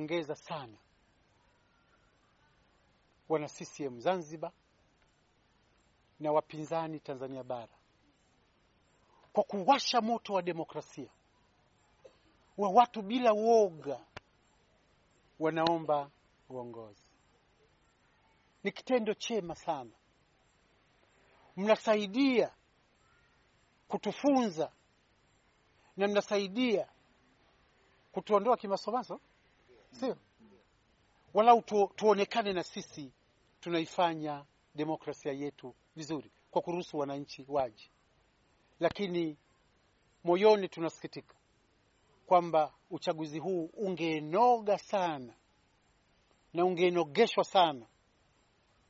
ongeza sana wana CCM Zanzibar na wapinzani Tanzania bara kwa kuwasha moto wa demokrasia wa watu bila woga wanaomba uongozi. Ni kitendo chema sana, mnasaidia kutufunza na mnasaidia kutuondoa kimasomaso sio? Walau tu, tuonekane na sisi tunaifanya demokrasia yetu vizuri kwa kuruhusu wananchi waje, lakini moyoni tunasikitika kwamba uchaguzi huu ungenoga sana na ungenogeshwa sana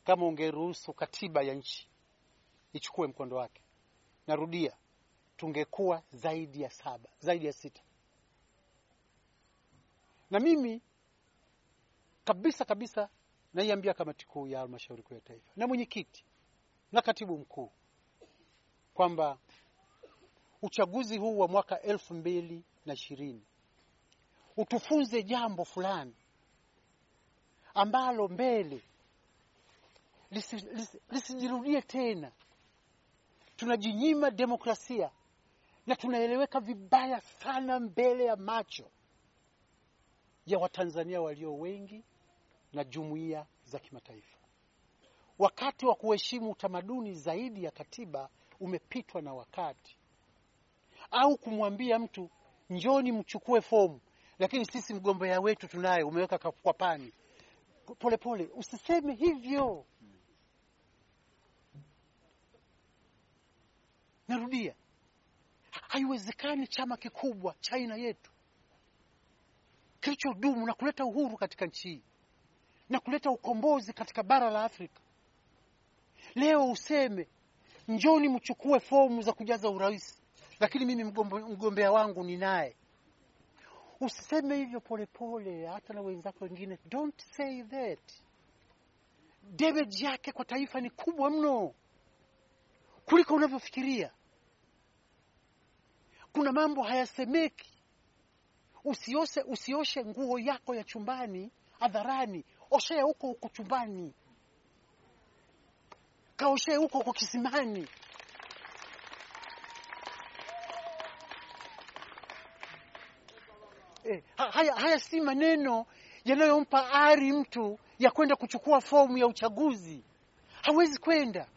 kama ungeruhusu katiba ya nchi ichukue mkondo wake. Narudia, tungekuwa zaidi ya saba, zaidi ya sita. Na mimi kabisa kabisa naiambia kamati kuu ya halmashauri kuu ya taifa na mwenyekiti na katibu mkuu kwamba uchaguzi huu wa mwaka elfu mbili na ishirini utufunze jambo fulani ambalo mbele lisijirudie lisi tena. Tunajinyima demokrasia na tunaeleweka vibaya sana mbele ya macho ya Watanzania walio wengi na jumuiya za kimataifa. Wakati wa kuheshimu utamaduni zaidi ya katiba umepitwa na wakati, au kumwambia mtu njoni mchukue fomu, lakini sisi mgombea wetu tunaye, umeweka kwa pani. Polepole, usiseme hivyo. Narudia, haiwezekani chama kikubwa cha aina yetu kilichodumu na kuleta uhuru katika nchi hii na kuleta ukombozi katika bara la Afrika. Leo useme njoni mchukue fomu za kujaza urais, lakini mimi mgombea wangu ni naye. Usiseme hivyo polepole, hata na wenzako wengine. Don't say that. Damage yake kwa taifa ni kubwa mno kuliko unavyofikiria. Kuna mambo hayasemeki. Usiose, usioshe nguo yako ya chumbani hadharani oshea huko huko chumbani, kaoshee huko huko kisimani. Eh, haya, haya si maneno yanayompa ari mtu ya kwenda kuchukua fomu ya uchaguzi. Hawezi kwenda,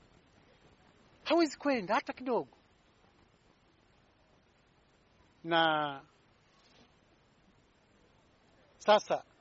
hawezi kwenda hata kidogo. Na sasa